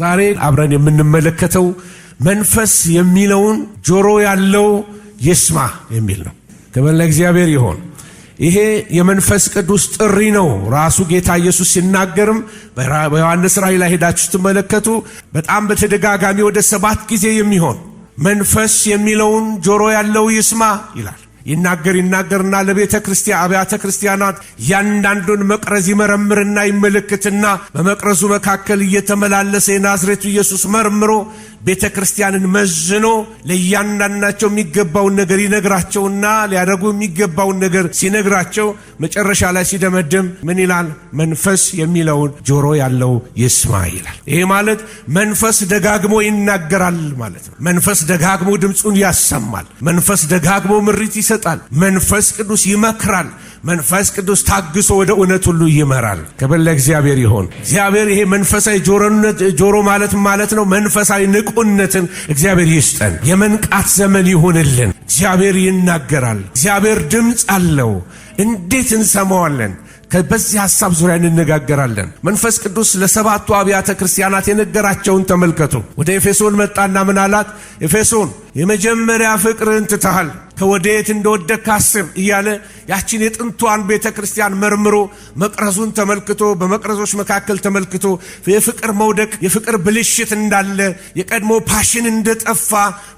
ዛሬ አብረን የምንመለከተው መንፈስ የሚለውን ጆሮ ያለው ይስማ የሚል ነው። ክብር ለእግዚአብሔር ይሆን። ይሄ የመንፈስ ቅዱስ ጥሪ ነው። ራሱ ጌታ ኢየሱስ ሲናገርም በዮሐንስ ራእይ ላይ ሄዳችሁ ስትመለከቱ በጣም በተደጋጋሚ ወደ ሰባት ጊዜ የሚሆን መንፈስ የሚለውን ጆሮ ያለው ይስማ ይላል። ይናገር ይናገርና ለቤተ ክርስቲያን አብያተ ክርስቲያናት ያንዳንዱን መቅረዝ ይመረምርና ይመለከትና በመቅረዙ መካከል እየተመላለሰ የናዝሬቱ ኢየሱስ መርምሮ ቤተ ክርስቲያንን መዝኖ ለእያንዳንዳቸው የሚገባውን ነገር ይነግራቸውና ሊያደርጉ የሚገባውን ነገር ሲነግራቸው መጨረሻ ላይ ሲደመድም ምን ይላል? መንፈስ የሚለውን ጆሮ ያለው ይስማ ይላል። ይሄ ማለት መንፈስ ደጋግሞ ይናገራል ማለት ነው። መንፈስ ደጋግሞ ድምፁን ያሰማል። መንፈስ ደጋግሞ ምሪት ይሰጣል። መንፈስ ቅዱስ ይመክራል። መንፈስ ቅዱስ ታግሶ ወደ እውነት ሁሉ ይመራል። ክብር ለእግዚአብሔር ይሆን። እግዚአብሔር ይሄ መንፈሳዊ ጆሮ ማለት ማለት ነው። መንፈሳዊ ንቁነትን እግዚአብሔር ይስጠን። የመንቃት ዘመን ይሁንልን። እግዚአብሔር ይናገራል። እግዚአብሔር ድምፅ አለው። እንዴት እንሰማዋለን? በዚህ ሐሳብ ዙሪያ እንነጋገራለን። መንፈስ ቅዱስ ለሰባቱ አብያተ ክርስቲያናት የነገራቸውን ተመልከቱ። ወደ ኤፌሶን መጣና ምናላት ኤፌሶን የመጀመሪያ ፍቅርን ትተሃል ከወደየት እንደወደክ አስብ እያለ ያችን የጥንቷን ቤተ ክርስቲያን መርምሮ መቅረዙን ተመልክቶ በመቅረዞች መካከል ተመልክቶ የፍቅር መውደቅ የፍቅር ብልሽት እንዳለ የቀድሞ ፓሽን እንደጠፋ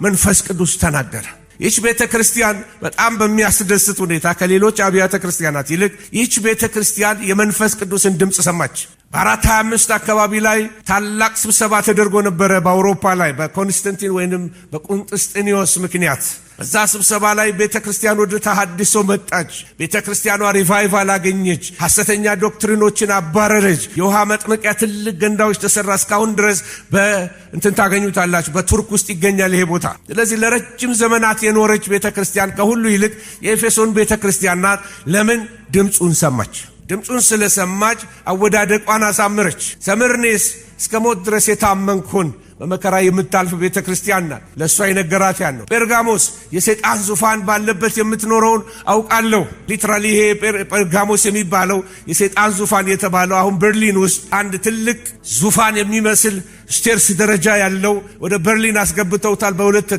መንፈስ ቅዱስ ተናገረ። ይህች ቤተ ክርስቲያን በጣም በሚያስደስት ሁኔታ ከሌሎች አብያተ ክርስቲያናት ይልቅ ይህች ቤተ ክርስቲያን የመንፈስ ቅዱስን ድምፅ ሰማች። በአራት 25 አካባቢ ላይ ታላቅ ስብሰባ ተደርጎ ነበረ በአውሮፓ ላይ በኮንስተንቲን ወይንም በቁንጥስጥኒዎስ ምክንያት በዛ ስብሰባ ላይ ቤተ ክርስቲያን ወደ ተሃድሶ መጣች። ቤተ ክርስቲያኗ ሪቫይቫል አገኘች። ሐሰተኛ ዶክትሪኖችን አባረረች። የውሃ መጥመቂያ ትልቅ ገንዳዎች ተሰራ። እስካሁን ድረስ በእንትን ታገኙታላችሁ። በቱርክ ውስጥ ይገኛል ይሄ ቦታ። ስለዚህ ለረጅም ዘመናት የኖረች ቤተ ክርስቲያን ከሁሉ ይልቅ የኤፌሶን ቤተ ክርስቲያን ናት። ለምን ድምፁን ሰማች? ድምፁን ስለሰማች አወዳደቋን አሳምረች። ሰምርኔስ እስከ ሞት ድረስ የታመንኩን በመከራ የምታልፍ ቤተ ክርስቲያን ናት። ለእሷ የነገራት ያን ነው። ጴርጋሞስ የሰይጣን ዙፋን ባለበት የምትኖረውን አውቃለሁ። ሊትራሊ ይሄ ጴርጋሞስ የሚባለው የሰይጣን ዙፋን የተባለው አሁን በርሊን ውስጥ አንድ ትልቅ ዙፋን የሚመስል ስቴርስ ደረጃ ያለው ወደ በርሊን አስገብተውታል። በሁለት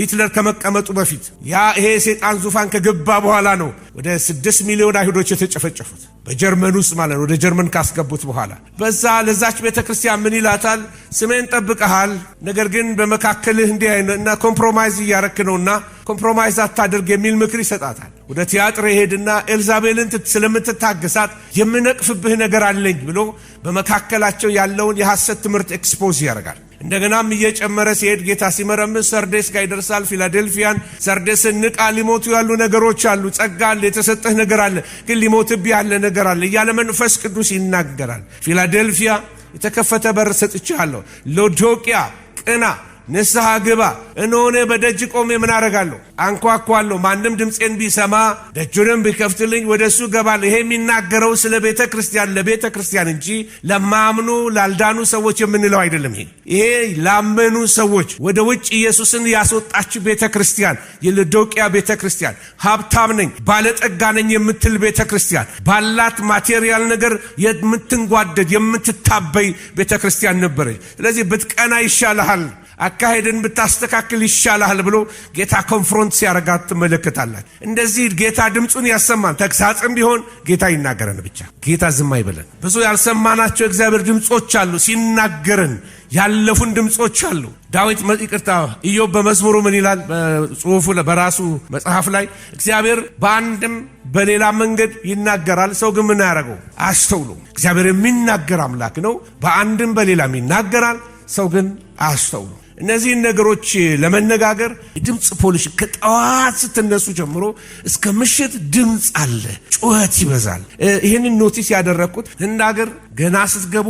ሂትለር ከመቀመጡ በፊት ያ ይሄ የሰይጣን ዙፋን ከገባ በኋላ ነው ወደ ስድስት ሚሊዮን አይሁዶች የተጨፈጨፉት። በጀርመን ውስጥ ማለት ነው። ወደ ጀርመን ካስገቡት በኋላ በዛ ለዛች ቤተ ክርስቲያን ምን ይላታል? ስሜን ጠብቀሃል፣ ነገር ግን በመካከልህ እንዲህ እና ኮምፕሮማይዝ እያረክ ነውና ኮምፕሮማይዝ አታድርግ የሚል ምክር ይሰጣታል። ወደ ቲያጥር ይሄድና ኤልዛቤልን ስለምትታገሳት የምነቅፍብህ ነገር አለኝ ብሎ በመካከላቸው ያለውን የሐሰት ትምህርት ኤክስፖዝ ያደርጋል። እንደገናም እየጨመረ ሲሄድ ጌታ ሲመረምስ ሰርዴስ ጋር ይደርሳል። ፊላዴልፊያን ሰርዴስን ንቃ፣ ሊሞቱ ያሉ ነገሮች አሉ። ጸጋ አለ፣ የተሰጠህ ነገር አለ፣ ግን ሊሞትብ ያለ ነገር አለ እያለ መንፈስ ቅዱስ ይናገራል። ፊላዴልፊያ የተከፈተ በር ሰጥቻለሁ። ሎዶቅያ ቅና ንስሐ ግባ። እነሆነ በደጅ ቆሜ ምን አረጋለሁ? አንኳኳለሁ። ማንም ድምፄን ቢሰማ ደጁንም ቢከፍትልኝ ወደ እሱ ገባለሁ። ይሄ የሚናገረው ስለ ቤተ ክርስቲያን ለቤተ ክርስቲያን እንጂ ለማምኑ ላልዳኑ ሰዎች የምንለው አይደለም። ይሄ ይሄ ላመኑ ሰዎች ወደ ውጭ ኢየሱስን ያስወጣች ቤተ ክርስቲያን የልዶቅያ ቤተ ክርስቲያን ሀብታም ነኝ ባለጠጋ ነኝ የምትል ቤተ ክርስቲያን ባላት ማቴሪያል ነገር የምትንጓደድ የምትታበይ ቤተ ክርስቲያን ነበረች። ስለዚህ ብትቀና ይሻልሃል። አካሄድን ብታስተካክል ይሻላል ብሎ ጌታ ኮንፍሮንት ሲያረጋት ትመለከታለን። እንደዚህ ጌታ ድምፁን ያሰማን። ተግሳጽም ቢሆን ጌታ ይናገረን። ብቻ ጌታ ዝም አይበለን። ብዙ ያልሰማናቸው እግዚአብሔር ድምፆች አሉ ሲናገረን ያለፉን ድምፆች አሉ። ዳዊት ይቅርታ፣ ኢዮብ በመዝሙሩ ምን ይላል? በጽሁፉ በራሱ መጽሐፍ ላይ እግዚአብሔር በአንድም በሌላ መንገድ ይናገራል። ሰው ግን ምን ያደረገው አስተውሎ እግዚአብሔር የሚናገር አምላክ ነው። በአንድም በሌላም ይናገራል። ሰው ግን አያስተውሉ። እነዚህን ነገሮች ለመነጋገር የድምፅ ፖሊሽ ከጠዋት ስትነሱ ጀምሮ እስከ ምሽት ድምፅ አለ፣ ጩኸት ይበዛል። ይህንን ኖቲስ ያደረግኩት ህንድ ሀገር ገና ስትገቡ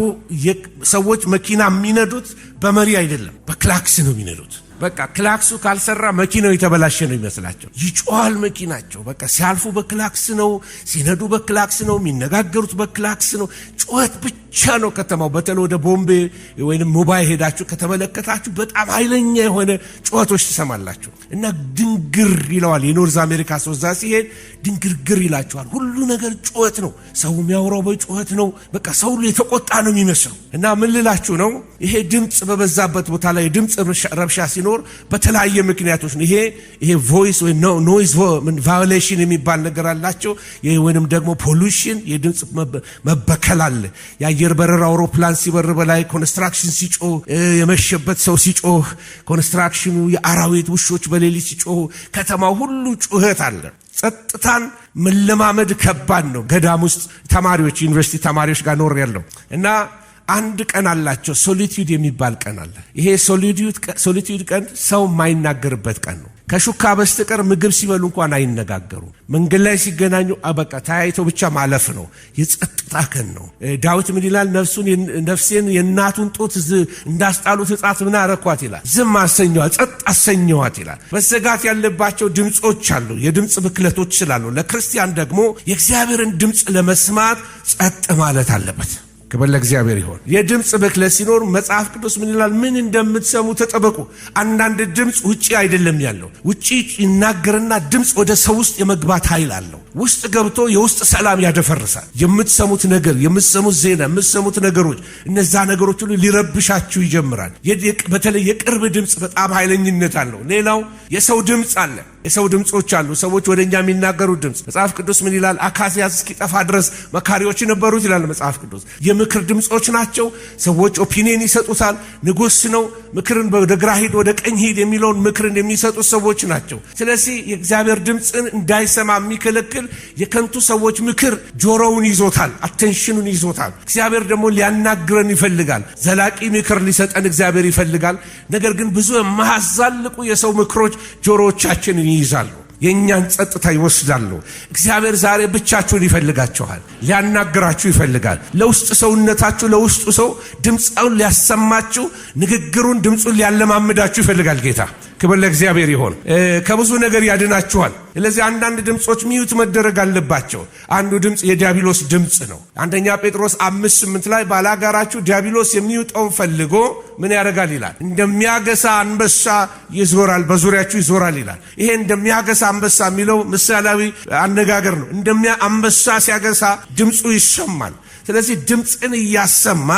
ሰዎች መኪና የሚነዱት በመሪ አይደለም፣ በክላክስ ነው የሚነዱት። በቃ ክላክሱ ካልሰራ መኪናው የተበላሸ ነው ይመስላቸው፣ ይጮሃል መኪናቸው። በቃ ሲያልፉ በክላክስ ነው፣ ሲነዱ በክላክስ ነው፣ የሚነጋገሩት በክላክስ ነው። ጩኸት ብቻ ነው ከተማው። በተለይ ወደ ቦምቤ ወይም ሙምባይ ሄዳችሁ ከተመለከታችሁ በጣም ኃይለኛ የሆነ ጩኸቶች ትሰማላችሁ እና ድንግር ይለዋል። የኖርዝ አሜሪካ ሰው እዛ ሲሄድ ድንግርግር ይላችኋል። ሁሉ ነገር ጩኸት ነው። ሰው የሚያወራው በጩኸት ነው። በቃ ሰው ሁሉ የተቆጣ ነው የሚመስለው እና ምን ልላችሁ ነው፣ ይሄ ድምፅ በበዛበት ቦታ ላይ ድምፅ ረብሻ ሲኖር በተለያየ ምክንያቶች ነው። ይሄ ይሄ ቮይስ ወይ ኖይዝ ቫዮሌሽን የሚባል ነገር አላቸው ወይንም ደግሞ ፖሉሽን የድምፅ መበከላል አለ። የአየር በረር አውሮፕላን ሲበር በላይ ኮንስትራክሽን ሲጮህ፣ የመሸበት ሰው ሲጮህ፣ ኮንስትራክሽኑ የአራዊት ውሾች በሌሊት ሲጮህ፣ ከተማው ሁሉ ጩኸት አለ። ጸጥታን መለማመድ ከባድ ነው። ገዳም ውስጥ ተማሪዎች ዩኒቨርሲቲ ተማሪዎች ጋር ኖር ያለው እና አንድ ቀን አላቸው ሶሊቲዩድ የሚባል ቀን አለ። ይሄ ሶሊቲዩድ ቀን ሰው የማይናገርበት ቀን ነው። ከሹካ በስተቀር ምግብ ሲበሉ እንኳን አይነጋገሩም። መንገድ ላይ ሲገናኙ አበቃ ተያይተው ብቻ ማለፍ ነው። የጸጥታ ቀን ነው። ዳዊት ምን ይላል? ነፍሱን ነፍሴን የእናቱን ጡት እንዳስጣሉት እጻት ምን አረኳት ይላል። ዝም አሰኘዋት፣ ጸጥ አሰኘዋት ይላል። መዘጋት ያለባቸው ድምፆች አሉ፣ የድምፅ ብክለቶች ስላሉ፣ ለክርስቲያን ደግሞ የእግዚአብሔርን ድምፅ ለመስማት ጸጥ ማለት አለበት። ክብር ለእግዚአብሔር ይሆን። የድምፅ ብክለት ሲኖር መጽሐፍ ቅዱስ ምን ይላል? ምን እንደምትሰሙ ተጠበቁ። አንዳንድ ድምፅ ውጪ አይደለም ያለው፣ ውጪ ይናገርና ድምፅ ወደ ሰው ውስጥ የመግባት ኃይል አለው። ውስጥ ገብቶ የውስጥ ሰላም ያደፈርሳል። የምትሰሙት ነገር፣ የምትሰሙት ዜና፣ የምትሰሙት ነገሮች፣ እነዛ ነገሮች ሁሉ ሊረብሻችሁ ይጀምራል። በተለይ የቅርብ ድምፅ በጣም ኃይለኝነት አለው። ሌላው የሰው ድምፅ አለ የሰው ድምፆች አሉ። ሰዎች ወደ እኛ የሚናገሩት ድምፅ መጽሐፍ ቅዱስ ምን ይላል? አካሲያስ እስኪጠፋ ድረስ መካሪዎች ነበሩት ይላል መጽሐፍ ቅዱስ። የምክር ድምፆች ናቸው። ሰዎች ኦፒኒየን ይሰጡታል። ንጉሥ ነው ምክርን ወደ ግራ ሂድ፣ ወደ ቀኝ ሂድ የሚለውን ምክርን የሚሰጡት ሰዎች ናቸው። ስለዚህ የእግዚአብሔር ድምፅን እንዳይሰማ የሚከለክል የከንቱ ሰዎች ምክር ጆሮውን ይዞታል፣ አቴንሽኑን ይዞታል። እግዚአብሔር ደግሞ ሊያናግረን ይፈልጋል። ዘላቂ ምክር ሊሰጠን እግዚአብሔር ይፈልጋል። ነገር ግን ብዙ የማያዛልቁ የሰው ምክሮች ጆሮዎቻችንን ይይዛሉ፣ የእኛን ጸጥታ ይወስዳሉ። እግዚአብሔር ዛሬ ብቻችሁን ይፈልጋችኋል፣ ሊያናግራችሁ ይፈልጋል። ለውስጥ ሰውነታችሁ ለውስጡ ሰው ድምፃውን ሊያሰማችሁ፣ ንግግሩን ድምፁን ሊያለማምዳችሁ ይፈልጋል ጌታ ክብር ለእግዚአብሔር ይሆን። ከብዙ ነገር ያድናችኋል። ስለዚህ አንዳንድ ድምፆች ሚዩት መደረግ አለባቸው። አንዱ ድምፅ የዲያብሎስ ድምፅ ነው። አንደኛ ጴጥሮስ አምስት ስምንት ላይ ባላጋራችሁ ዲያብሎስ የሚውጠውን ፈልጎ ምን ያደርጋል ይላል፣ እንደሚያገሳ አንበሳ ይዞራል፣ በዙሪያችሁ ይዞራል ይላል። ይሄ እንደሚያገሳ አንበሳ የሚለው ምሳሌያዊ አነጋገር ነው። እንደሚያ አንበሳ ሲያገሳ ድምፁ ይሰማል። ስለዚህ ድምፅን እያሰማ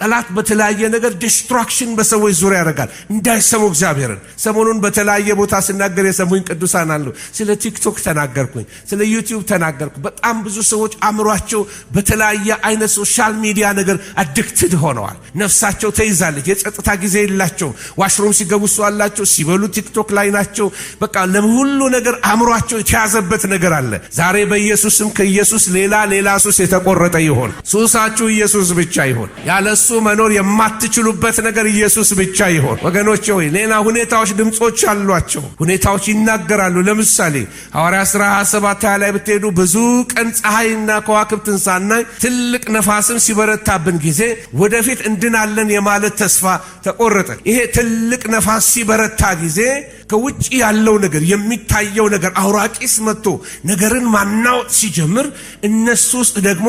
ጠላት በተለያየ ነገር ዲስትራክሽን በሰዎች ዙሪያ ያደርጋል። እንዳይሰሙ እግዚአብሔርን ሰሞኑን በተለያየ ቦታ ስናገር የሰሙኝ ቅዱሳን አሉ። ስለ ቲክቶክ ተናገርኩኝ፣ ስለ ዩቲዩብ ተናገርኩ። በጣም ብዙ ሰዎች አእምሯቸው በተለያየ አይነት ሶሻል ሚዲያ ነገር አድክትድ ሆነዋል። ነፍሳቸው ተይዛለች። የጸጥታ ጊዜ የላቸውም። ዋሽሩም ሲገቡ እሱ አላቸው፣ ሲበሉ ቲክቶክ ላይ ናቸው። በቃ ለሁሉ ነገር አእምሯቸው የተያዘበት ነገር አለ። ዛሬ በኢየሱስም ከኢየሱስ ሌላ ሌላ ሱስ የተቆረጠ ይሆን። ሱሳችሁ ኢየሱስ ብቻ ይሆን ያለ ያለሱ መኖር የማትችሉበት ነገር ኢየሱስ ብቻ ይሆን? ወገኖች ሆይ ሌላ ሁኔታዎች ድምፆች አሏቸው። ሁኔታዎች ይናገራሉ። ለምሳሌ ሐዋርያ ሥራ 27 20 ላይ ብትሄዱ ብዙ ቀን ፀሐይና ከዋክብትን ሳናይ ትልቅ ነፋስም ሲበረታብን ጊዜ ወደፊት እንድናለን የማለት ተስፋ ተቆረጠ። ይሄ ትልቅ ነፋስ ሲበረታ ጊዜ ከውጭ ያለው ነገር የሚታየው ነገር አውራቂስ መጥቶ ነገርን ማናወጥ ሲጀምር እነሱ ውስጥ ደግሞ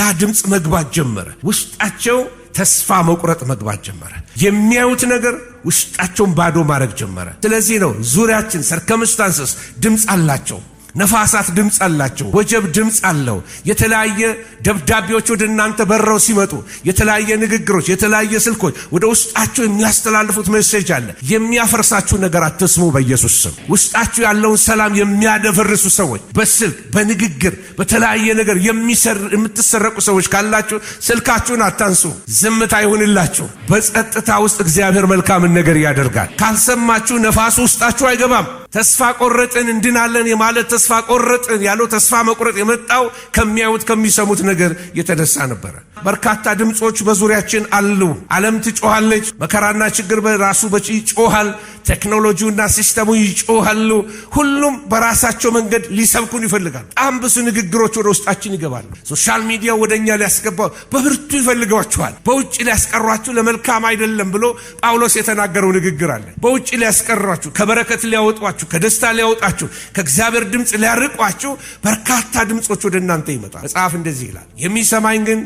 ያ ድምፅ መግባት ጀመረ ውስጣቸው ተስፋ መቁረጥ መግባት ጀመረ። የሚያዩት ነገር ውስጣቸውን ባዶ ማድረግ ጀመረ። ስለዚህ ነው ዙሪያችን ሰርከምስታንስስ ድምፅ አላቸው ነፋሳት ድምፅ አላቸው። ወጀብ ድምፅ አለው። የተለያየ ደብዳቤዎች ወደ እናንተ በረው ሲመጡ የተለያየ ንግግሮች፣ የተለያየ ስልኮች ወደ ውስጣችሁ የሚያስተላልፉት መሴጅ አለ። የሚያፈርሳችሁ ነገር አትስሙ በኢየሱስ ስም። ውስጣችሁ ያለውን ሰላም የሚያደፈርሱ ሰዎች በስልክ በንግግር በተለያየ ነገር የምትሰረቁ ሰዎች ካላችሁ ስልካችሁን አታንሱ። ዝምታ ይሁንላችሁ። በጸጥታ ውስጥ እግዚአብሔር መልካምን ነገር ያደርጋል። ካልሰማችሁ ነፋሱ ውስጣችሁ አይገባም። ተስፋ ቆረጥን እንድናለን የማለት ተስፋ ቆረጥን ያለው ተስፋ መቁረጥ የመጣው ከሚያዩት ከሚሰሙት ነገር የተነሳ ነበረ። በርካታ ድምፆች በዙሪያችን አሉ። ዓለም ትጮኋለች። መከራና ችግር በራሱ በጪ ጮኋል። ቴክኖሎጂውና ሲስተሙ ይጮሃሉ። ሁሉም በራሳቸው መንገድ ሊሰብኩን ይፈልጋሉ። በጣም ብዙ ንግግሮች ወደ ውስጣችን ይገባሉ። ሶሻል ሚዲያ ወደ እኛ ሊያስገባው በብርቱ ይፈልገዋችኋል። በውጭ ሊያስቀሯችሁ ለመልካም አይደለም ብሎ ጳውሎስ የተናገረው ንግግር አለ። በውጭ ሊያስቀሯችሁ፣ ከበረከት ሊያወጧችሁ፣ ከደስታ ሊያወጣችሁ፣ ከእግዚአብሔር ድምፅ ሊያርቋችሁ በርካታ ድምፆች ወደ እናንተ ይመጣል። መጽሐፍ እንደዚህ ይላል፣ የሚሰማኝ ግን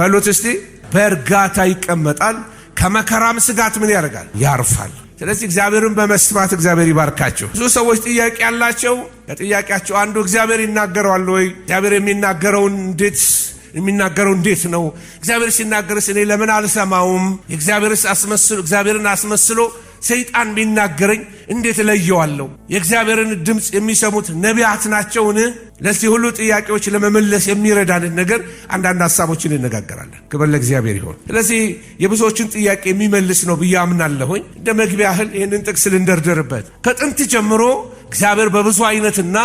በሎት እስቲ በእርጋታ ይቀመጣል ከመከራም ስጋት ምን ያደርጋል? ያርፋል። ስለዚህ እግዚአብሔርን በመስማት እግዚአብሔር ይባርካቸው። ብዙ ሰዎች ጥያቄ ያላቸው ከጥያቄያቸው አንዱ እግዚአብሔር ይናገረዋል ወይ? እግዚአብሔር የሚናገረውን እንዴት የሚናገረው እንዴት ነው? እግዚአብሔር ሲናገርስ እኔ ለምን አልሰማውም? የእግዚአብሔርስ አስመስሎ እግዚአብሔርን አስመስሎ ሰይጣን ቢናገረኝ እንዴት እለየዋለሁ? የእግዚአብሔርን ድምፅ የሚሰሙት ነቢያት ናቸውን? ለዚህ ሁሉ ጥያቄዎች ለመመለስ የሚረዳንን ነገር አንዳንድ ሀሳቦችን እነጋገራለን። ክብር ለእግዚአብሔር ይሆን። ስለዚህ የብዙዎችን ጥያቄ የሚመልስ ነው ብዬ አምናለሁኝ። እንደ መግቢያ ያህል ይህንን ጥቅስ ልንደርደርበት። ከጥንት ጀምሮ እግዚአብሔር በብዙ አይነትና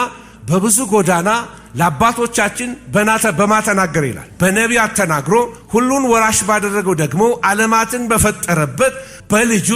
በብዙ ጎዳና ለአባቶቻችን በናተ በማተናገር ይላል። በነቢያት ተናግሮ ሁሉን ወራሽ ባደረገው ደግሞ ዓለማትን በፈጠረበት በልጁ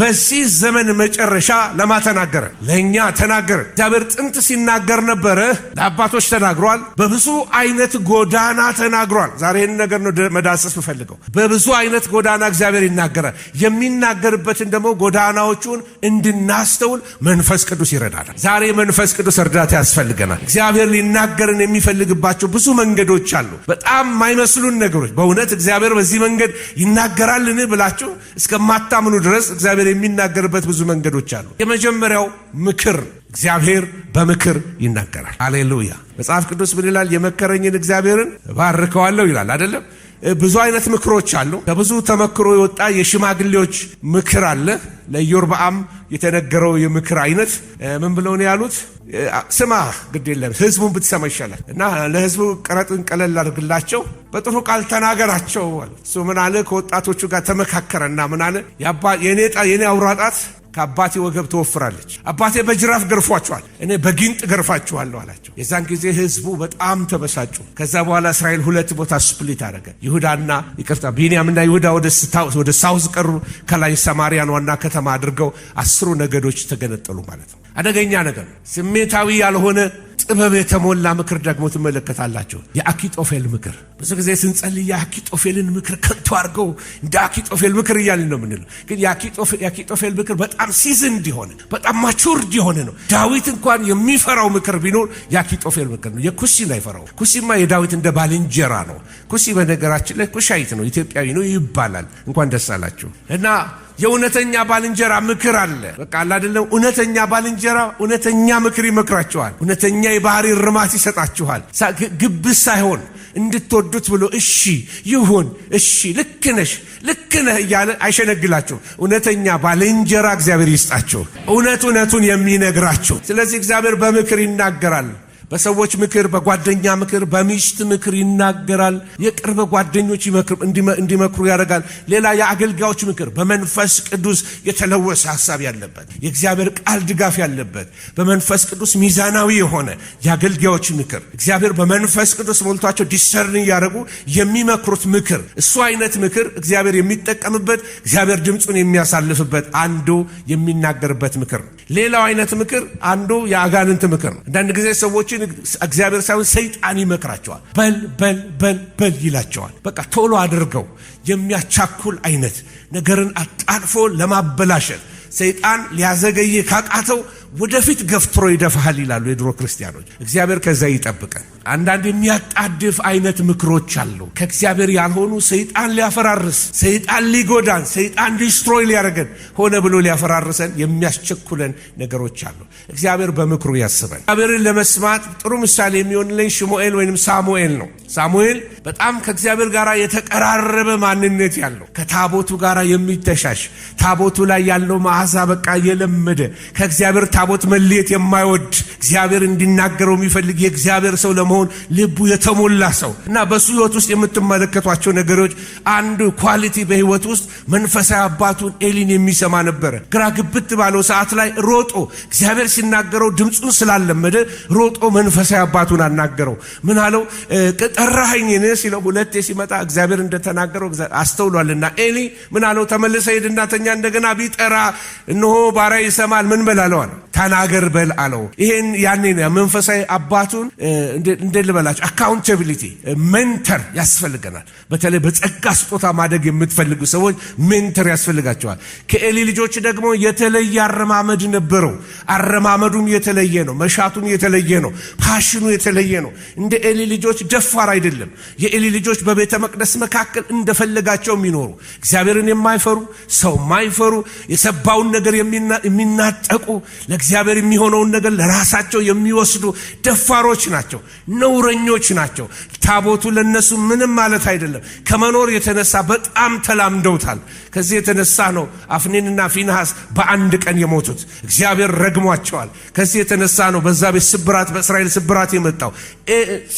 በዚህ ዘመን መጨረሻ ለማተናገረ ለእኛ ተናገረ። እግዚአብሔር ጥንት ሲናገር ነበረ። ለአባቶች ተናግሯል። በብዙ አይነት ጎዳና ተናግሯል። ዛሬ ይህን ነገር ነው መዳሰስ ምፈልገው። በብዙ አይነት ጎዳና እግዚአብሔር ይናገራል። የሚናገርበትን ደግሞ ጎዳናዎቹን እንድናስተውል መንፈስ ቅዱስ ይረዳናል። ዛሬ መንፈስ ቅዱስ እርዳታ ያስፈልገናል። እግዚአብሔር ሊና እንድንናገርን የሚፈልግባቸው ብዙ መንገዶች አሉ። በጣም የማይመስሉን ነገሮች በእውነት እግዚአብሔር በዚህ መንገድ ይናገራልን ብላችሁ እስከማታምኑ ድረስ እግዚአብሔር የሚናገርበት ብዙ መንገዶች አሉ። የመጀመሪያው ምክር እግዚአብሔር በምክር ይናገራል። አሌሉያ። መጽሐፍ ቅዱስ ምን ይላል? የመከረኝን እግዚአብሔርን እባርከዋለሁ ይላል አይደለም? ብዙ አይነት ምክሮች አሉ። ከብዙ ተመክሮ የወጣ የሽማግሌዎች ምክር አለ። ለኢዮርብዓም የተነገረው የምክር አይነት ምን ብለው ነው ያሉት? ስማ ግድ የለም ህዝቡን ብትሰማ ይሻላል እና ለህዝቡ ቀረጥን ቀለል አድርግላቸው፣ በጥሩ ቃል ተናገራቸው። እሱ ምን አለ? ከወጣቶቹ ጋር ተመካከረና ምን አለ? የኔ አውራጣት ከአባቴ ወገብ ትወፍራለች። አባቴ በጅራፍ ገርፏቸዋል፣ እኔ በጊንጥ ገርፋችኋለሁ አላቸው። የዛን ጊዜ ህዝቡ በጣም ተበሳጩ። ከዛ በኋላ እስራኤል ሁለት ቦታ ስፕሊት አደረገ። ይሁዳና ይቅርታ፣ ቢንያምና ይሁዳ ወደ ሳውዝ ቀሩ። ከላይ ሰማሪያን ዋና ከተማ አድርገው አስሩ ነገዶች ተገነጠሉ ማለት ነው። አደገኛ ነገር ስሜታዊ ያልሆነ ጥበብ የተሞላ ምክር ደግሞ ትመለከታላችሁ። የአኪጦፌል ምክር ብዙ ጊዜ ስንጸልይ የአኪጦፌልን ምክር ከንቱ አድርገው እንደ አኪጦፌል ምክር እያልን ነው የምንለው። ግን የአኪጦፌል ምክር በጣም ሲዝን እንዲሆነ በጣም ማቹር እንዲሆነ ነው። ዳዊት እንኳን የሚፈራው ምክር ቢኖር የአኪጦፌል ምክር ነው። የኩሲን አይፈራው። ኩሲማ የዳዊት እንደ ባልንጀራ ነው። ኩሲ በነገራችን ላይ ኩሻይት ነው፣ ኢትዮጵያዊ ነው ይባላል። እንኳን ደስ አላችሁ እና የእውነተኛ ባልንጀራ ምክር አለ። በቃ አይደለም እውነተኛ ባልንጀራ እውነተኛ ምክር ይመክራቸዋል። እውነተኛ የባህሪ ርማት ይሰጣችኋል። ግብስ ሳይሆን እንድትወዱት ብሎ እሺ ይሁን፣ እሺ ልክ ነሽ፣ ልክ ነህ እያለ አይሸነግላችሁ። እውነተኛ ባልንጀራ እግዚአብሔር ይስጣችሁ፣ እውነት እውነቱን የሚነግራችሁ። ስለዚህ እግዚአብሔር በምክር ይናገራል። በሰዎች ምክር፣ በጓደኛ ምክር፣ በሚስት ምክር ይናገራል። የቅርብ ጓደኞች እንዲመክሩ ያደርጋል። ሌላ የአገልጋዮች ምክር፣ በመንፈስ ቅዱስ የተለወሰ ሀሳብ ያለበት የእግዚአብሔር ቃል ድጋፍ ያለበት በመንፈስ ቅዱስ ሚዛናዊ የሆነ የአገልጋዮች ምክር እግዚአብሔር በመንፈስ ቅዱስ ሞልቷቸው ዲሰርን እያደረጉ የሚመክሩት ምክር እሱ አይነት ምክር እግዚአብሔር የሚጠቀምበት እግዚአብሔር ድምፁን የሚያሳልፍበት አንዱ የሚናገርበት ምክር ነው። ሌላው አይነት ምክር አንዱ የአጋንንት ምክር ነው። አንዳንድ ጊዜ ሰዎችን እግዚአብሔር ሳይሆን ሰይጣን ይመክራቸዋል። በል በል በል በል ይላቸዋል። በቃ ቶሎ አድርገው የሚያቻኩል አይነት ነገርን አጣድፎ ለማበላሸት ሰይጣን ሊያዘገይ ካቃተው ወደፊት ገፍትሮ ይደፋሃል ይላሉ የድሮ ክርስቲያኖች። እግዚአብሔር ከዛ ይጠብቀን። አንዳንድ የሚያጣድፍ አይነት ምክሮች አሉ ከእግዚአብሔር ያልሆኑ ሰይጣን ሊያፈራርስ፣ ሰይጣን ሊጎዳን፣ ሰይጣን ዲስትሮይ ሊያደርገን ሆነ ብሎ ሊያፈራርሰን የሚያስቸኩለን ነገሮች አሉ። እግዚአብሔር በምክሩ ያስበን። እግዚአብሔርን ለመስማት ጥሩ ምሳሌ የሚሆንልኝ ሽሙኤል ወይም ሳሙኤል ነው። ሳሙኤል በጣም ከእግዚአብሔር ጋር የተቀራረበ ማንነት ያለው ከታቦቱ ጋር የሚተሻሽ ታቦቱ ላይ ያለው መዓዛ በቃ የለመደ ከእግዚአብሔር ታቦት መለየት የማይወድ እግዚአብሔር እንዲናገረው የሚፈልግ የእግዚአብሔር ሰው ለመሆን ልቡ የተሞላ ሰው እና በሱ ህይወት ውስጥ የምትመለከቷቸው ነገሮች አንዱ ኳሊቲ በህይወት ውስጥ መንፈሳዊ አባቱን ኤሊን የሚሰማ ነበረ። ግራ ግብት ባለው ሰዓት ላይ ሮጦ እግዚአብሔር ሲናገረው ድምፁን ስላለመደ ሮጦ መንፈሳዊ አባቱን አናገረው። ምን አለው? ጠራኸኝን ሲለው ሁለቴ ሲመጣ እግዚአብሔር እንደተናገረው አስተውሏልና ኤሊ ምን አለው? ተመልሰ ሄድና ተኛ እንደገና ቢጠራ እነሆ ባሪያ ይሰማል ምን በላለዋል ተናገር በል አለው። ይሄን ያኔ መንፈሳዊ አባቱን እንደ ልበላቸው አካውንታቢሊቲ ሜንተር ያስፈልገናል። በተለይ በጸጋ ስጦታ ማደግ የምትፈልጉ ሰዎች ሜንተር ያስፈልጋቸዋል። ከኤሊ ልጆች ደግሞ የተለየ አረማመድ ነበረው። አረማመዱም የተለየ ነው። መሻቱም የተለየ ነው። ፓሽኑ የተለየ ነው። እንደ ኤሊ ልጆች ደፋር አይደለም። የኤሊ ልጆች በቤተ መቅደስ መካከል እንደፈለጋቸው የሚኖሩ እግዚአብሔርን የማይፈሩ ሰው የማይፈሩ የሰባውን ነገር የሚናጠቁ ለእግዚአብሔር የሚሆነውን ነገር ለራሳቸው የሚወስዱ ደፋሮች ናቸው፣ ነውረኞች ናቸው። ታቦቱ ለነሱ ምንም ማለት አይደለም። ከመኖር የተነሳ በጣም ተላምደውታል። ከዚህ የተነሳ ነው አፍኔንና ፊንሐስ በአንድ ቀን የሞቱት። እግዚአብሔር ረግሟቸዋል። ከዚህ የተነሳ ነው በዛ ቤት ስብራት፣ በእስራኤል ስብራት የመጣው።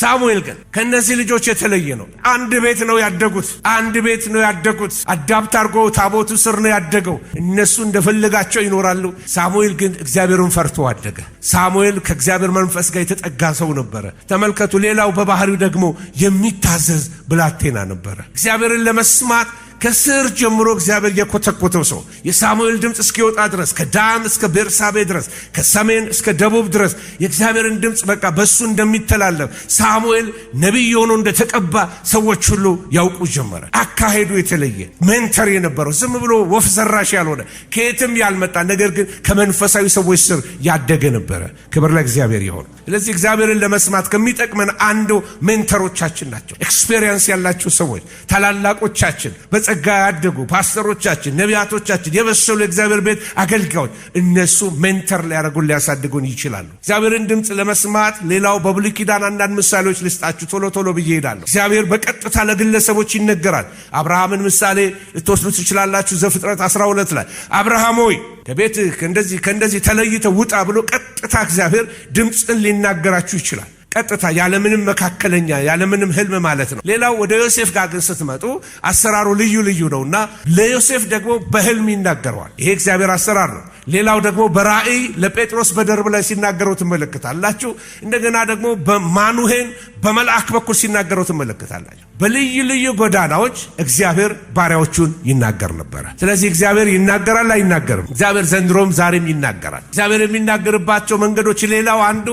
ሳሙኤል ግን ከእነዚህ ልጆች የተለየ ነው። አንድ ቤት ነው ያደጉት። አንድ ቤት ነው ያደጉት። አዳብት አድርጎ ታቦቱ ስር ነው ያደገው። እነሱ እንደፈለጋቸው ይኖራሉ። ሳሙኤል ግን እግዚአብሔር እግዚአብሔርን ፈርቶ አደገ። ሳሙኤል ከእግዚአብሔር መንፈስ ጋር የተጠጋ ሰው ነበረ። ተመልከቱ፣ ሌላው በባህሪው ደግሞ የሚታዘዝ ብላቴና ነበረ። እግዚአብሔርን ለመስማት ከስር ጀምሮ እግዚአብሔር የኮተኮተው ሰው የሳሙኤል ድምፅ እስኪወጣ ድረስ ከዳም እስከ ቤርሳቤ ድረስ ከሰሜን እስከ ደቡብ ድረስ የእግዚአብሔርን ድምፅ በቃ በእሱ እንደሚተላለፍ ሳሙኤል ነቢይ ሆኖ እንደተቀባ ሰዎች ሁሉ ያውቁ ጀመረ። አካሄዱ የተለየ ሜንተር የነበረው ዝም ብሎ ወፍ ዘራሽ ያልሆነ ከየትም ያልመጣ ነገር ግን ከመንፈሳዊ ሰዎች ስር ያደገ ነበረ። ክብር ለእግዚአብሔር ይሆን። ስለዚህ እግዚአብሔርን ለመስማት ከሚጠቅመን አንዱ ሜንተሮቻችን ናቸው። ኤክስፔሪየንስ ያላቸው ሰዎች ታላላቆቻችን በጸጋ ያደጉ ፓስተሮቻችን፣ ነቢያቶቻችን፣ የበሰሉ የእግዚአብሔር ቤት አገልጋዮች እነሱ ሜንተር ሊያደርጉን ሊያሳድጉን ይችላሉ። እግዚአብሔርን ድምፅ ለመስማት ሌላው በብሉይ ኪዳን አንዳንድ ምሳሌዎች ልስጣችሁ። ቶሎ ቶሎ ብዬ ሄዳለሁ። እግዚአብሔር በቀጥታ ለግለሰቦች ይነገራል። አብርሃምን ምሳሌ ልትወስዱ ትችላላችሁ። ዘፍጥረት 12 ላይ አብርሃም ሆይ ከቤትህ ከእንደዚህ ከእንደዚህ ተለይተ ውጣ ብሎ ቀጥታ እግዚአብሔር ድምፅን ሊናገራችሁ ይችላል። ቀጥታ ያለምንም መካከለኛ ያለምንም ህልም ማለት ነው። ሌላው ወደ ዮሴፍ ጋር ግን ስትመጡ አሰራሩ ልዩ ልዩ ነውና ለዮሴፍ ደግሞ በህልም ይናገረዋል። ይሄ እግዚአብሔር አሰራር ነው። ሌላው ደግሞ በራእይ ለጴጥሮስ በደርብ ላይ ሲናገረው ትመለከታላችሁ። እንደገና ደግሞ በማኑሄን በመልአክ በኩል ሲናገረው ትመለከታላችሁ። በልዩ ልዩ ጎዳናዎች እግዚአብሔር ባሪያዎቹን ይናገር ነበረ። ስለዚህ እግዚአብሔር ይናገራል አይናገርም? እግዚአብሔር ዘንድሮም ዛሬም ይናገራል። እግዚአብሔር የሚናገርባቸው መንገዶች ሌላው አንዱ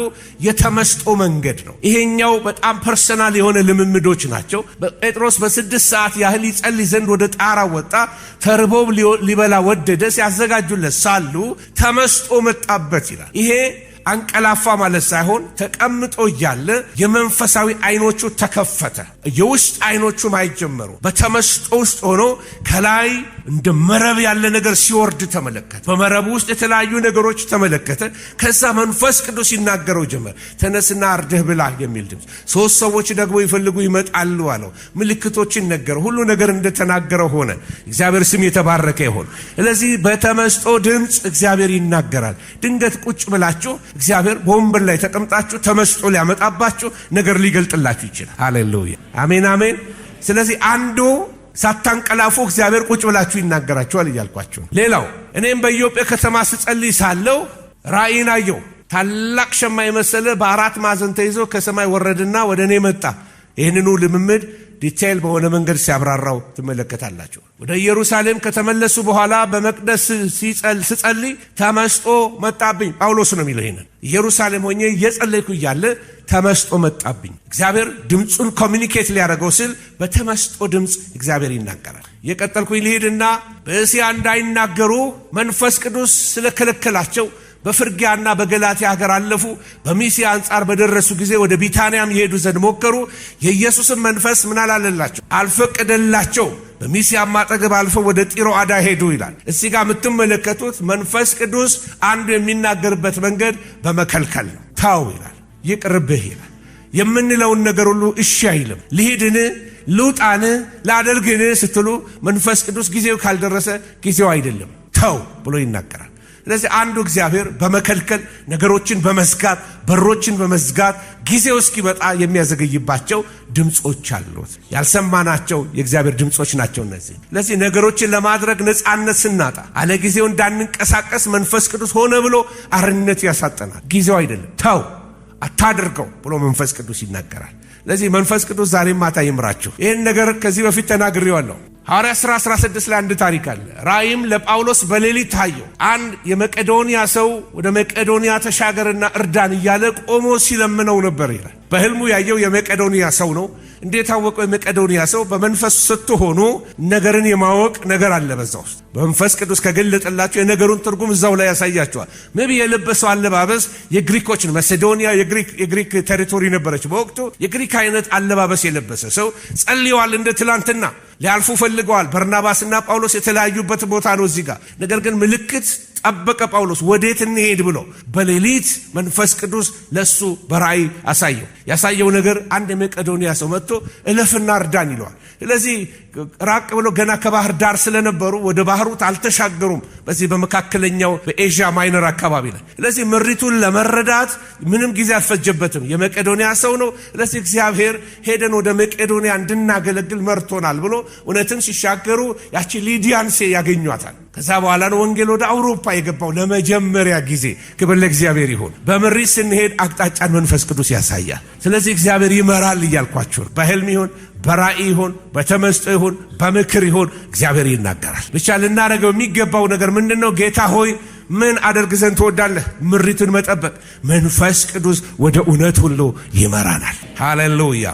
የተመስጦ መንገድ መንገድ ነው። ይሄኛው በጣም ፐርሰናል የሆነ ልምምዶች ናቸው። ጴጥሮስ በስድስት ሰዓት ያህል ይጸልይ ዘንድ ወደ ጣራ ወጣ፣ ተርቦም ሊበላ ወደደ። ሲያዘጋጁለት ሳሉ ተመስጦ መጣበት ይላል ይሄ አንቀላፋ ማለት ሳይሆን ተቀምጦ እያለ የመንፈሳዊ አይኖቹ ተከፈተ። የውስጥ አይኖቹ ማየት ጀመሩ። በተመስጦ ውስጥ ሆኖ ከላይ እንደ መረብ ያለ ነገር ሲወርድ ተመለከተ። በመረቡ ውስጥ የተለያዩ ነገሮች ተመለከተ። ከዛ መንፈስ ቅዱስ ይናገረው ጀመር። ተነስና አርደህ ብላ የሚል ድምፅ፣ ሶስት ሰዎች ደግሞ ይፈልጉ ይመጣሉ አለው። ምልክቶችን ነገረ። ሁሉ ነገር እንደተናገረ ሆነ። እግዚአብሔር ስም የተባረከ ይሆን። ስለዚህ በተመስጦ ድምፅ እግዚአብሔር ይናገራል። ድንገት ቁጭ ብላችሁ እግዚአብሔር በወንበር ላይ ተቀምጣችሁ ተመስጦ ሊያመጣባችሁ ነገር ሊገልጥላችሁ ይችላል። ሃሌሉያ አሜን፣ አሜን። ስለዚህ አንዱ ሳታንቀላፉ እግዚአብሔር ቁጭ ብላችሁ ይናገራችኋል ነው። ሌላው እኔም በኢትዮጵያ ከተማ ስጸልይ ሳለው ራእይን አየው። ታላቅ ሸማ የመሰለ በአራት ማዕዘን ተይዞ ከሰማይ ወረድና ወደ እኔ መጣ። ይህንኑ ልምምድ ዲቴይል በሆነ መንገድ ሲያብራራው ትመለከታላችሁ። ወደ ኢየሩሳሌም ከተመለሱ በኋላ በመቅደስ ስጸልይ ተመስጦ መጣብኝ። ጳውሎስ ነው የሚለው ይህንን። ኢየሩሳሌም ሆኜ እየጸለይኩ እያለ ተመስጦ መጣብኝ። እግዚአብሔር ድምፁን ኮሚኒኬት ሊያደርገው ስል በተመስጦ ድምፅ እግዚአብሔር ይናገራል። የቀጠልኩኝ ልሂድና በእስያ እንዳይናገሩ መንፈስ ቅዱስ ስለከለከላቸው በፍርጊያና በገላትያ ሀገር አለፉ። በሚስያ አንጻር በደረሱ ጊዜ ወደ ቢታንያም ይሄዱ ዘንድ ሞከሩ። የኢየሱስን መንፈስ ምን አላለላቸው አልፈቀደላቸው። በሚስያም አጠገብ አልፈው ወደ ጢሮ አዳ ሄዱ ይላል። እዚ ጋር የምትመለከቱት መንፈስ ቅዱስ አንዱ የሚናገርበት መንገድ በመከልከል ነው። ታው ይላል፣ ይቅርብህ ይላል። የምንለውን ነገር ሁሉ እሺ አይልም። ልሂድን ልውጣን ላደርግን ስትሉ መንፈስ ቅዱስ ጊዜው ካልደረሰ ጊዜው አይደለም ተው ብሎ ይናገራል። ስለዚህ አንዱ እግዚአብሔር በመከልከል ነገሮችን በመዝጋት በሮችን በመዝጋት ጊዜው እስኪመጣ የሚያዘገይባቸው ድምፆች አሉት። ያልሰማናቸው የእግዚአብሔር ድምፆች ናቸው እነዚህ። ስለዚህ ነገሮችን ለማድረግ ነፃነት ስናጣ አለ ጊዜው እንዳንንቀሳቀስ መንፈስ ቅዱስ ሆነ ብሎ አርነት ያሳጠናል። ጊዜው አይደለም ተው አታድርገው ብሎ መንፈስ ቅዱስ ይናገራል። ለዚህ መንፈስ ቅዱስ ዛሬ ማታ ይምራችሁ። ይህን ነገር ከዚህ በፊት ተናግሬዋለሁ። ሐዋርያ ሥራ 16 ላይ አንድ ታሪክ አለ። ራእይም ለጳውሎስ በሌሊት ታየው። አንድ የመቄዶንያ ሰው ወደ መቄዶንያ ተሻገርና እርዳን እያለ ቆሞ ሲለምነው ነበር ይላል። በህልሙ ያየው የመቄዶንያ ሰው ነው። እንዴት አወቀው? የመቄዶንያ ሰው በመንፈስ ስትሆኑ ነገርን የማወቅ ነገር አለ በዛ ውስጥ። በመንፈስ ቅዱስ ከገለጠላቸው የነገሩን ትርጉም እዛው ላይ ያሳያቸዋል። ምቢ የለበሰው አለባበስ የግሪኮችን መሴዶንያ የግሪክ ቴሪቶሪ ነበረች በወቅቱ። የግሪክ አይነት አለባበስ የለበሰ ሰው ጸልየዋል። እንደ ትላንትና ሊያልፉ ፈልገዋል። በርናባስና ጳውሎስ የተለያዩበት ቦታ ነው እዚህ ጋር ነገር ግን ምልክት ጠበቀ ጳውሎስ ወዴት እንሄድ ብሎ በሌሊት መንፈስ ቅዱስ ለሱ በራእይ አሳየው። ያሳየው ነገር አንድ የመቄዶንያ ሰው መጥቶ እለፍና እርዳን ይለዋል። ስለዚህ ራቅ ብሎ ገና ከባህር ዳር ስለነበሩ ወደ ባህሩ አልተሻገሩም። በዚህ በመካከለኛው በኤዥያ ማይነር አካባቢ ላይ ስለዚህ ምሪቱን ለመረዳት ምንም ጊዜ አልፈጀበትም። የመቄዶንያ ሰው ነው። ስለዚህ እግዚአብሔር ሄደን ወደ መቄዶንያ እንድናገለግል መርቶናል ብሎ እውነትን ሲሻገሩ ያቺ ሊዲያንሴ ያገኟታል። ከዛ በኋላ ነው ወንጌል ወደ አውሮፓ የገባው ለመጀመሪያ ጊዜ። ክብር ለእግዚአብሔር ይሁን። በምሪት ስንሄድ አቅጣጫን መንፈስ ቅዱስ ያሳያል። ስለዚህ እግዚአብሔር ይመራል እያልኳችሁ በህልም ይሁን በራእይ ይሁን በተመስጦ ይሁን በምክር ይሁን እግዚአብሔር ይናገራል። ብቻ ልናደርገው የሚገባው ነገር ምንድን ነው? ጌታ ሆይ ምን አደርግ ዘንድ ትወዳለህ? ምሪቱን መጠበቅ። መንፈስ ቅዱስ ወደ እውነት ሁሉ ይመራናል። ሃሌሉያ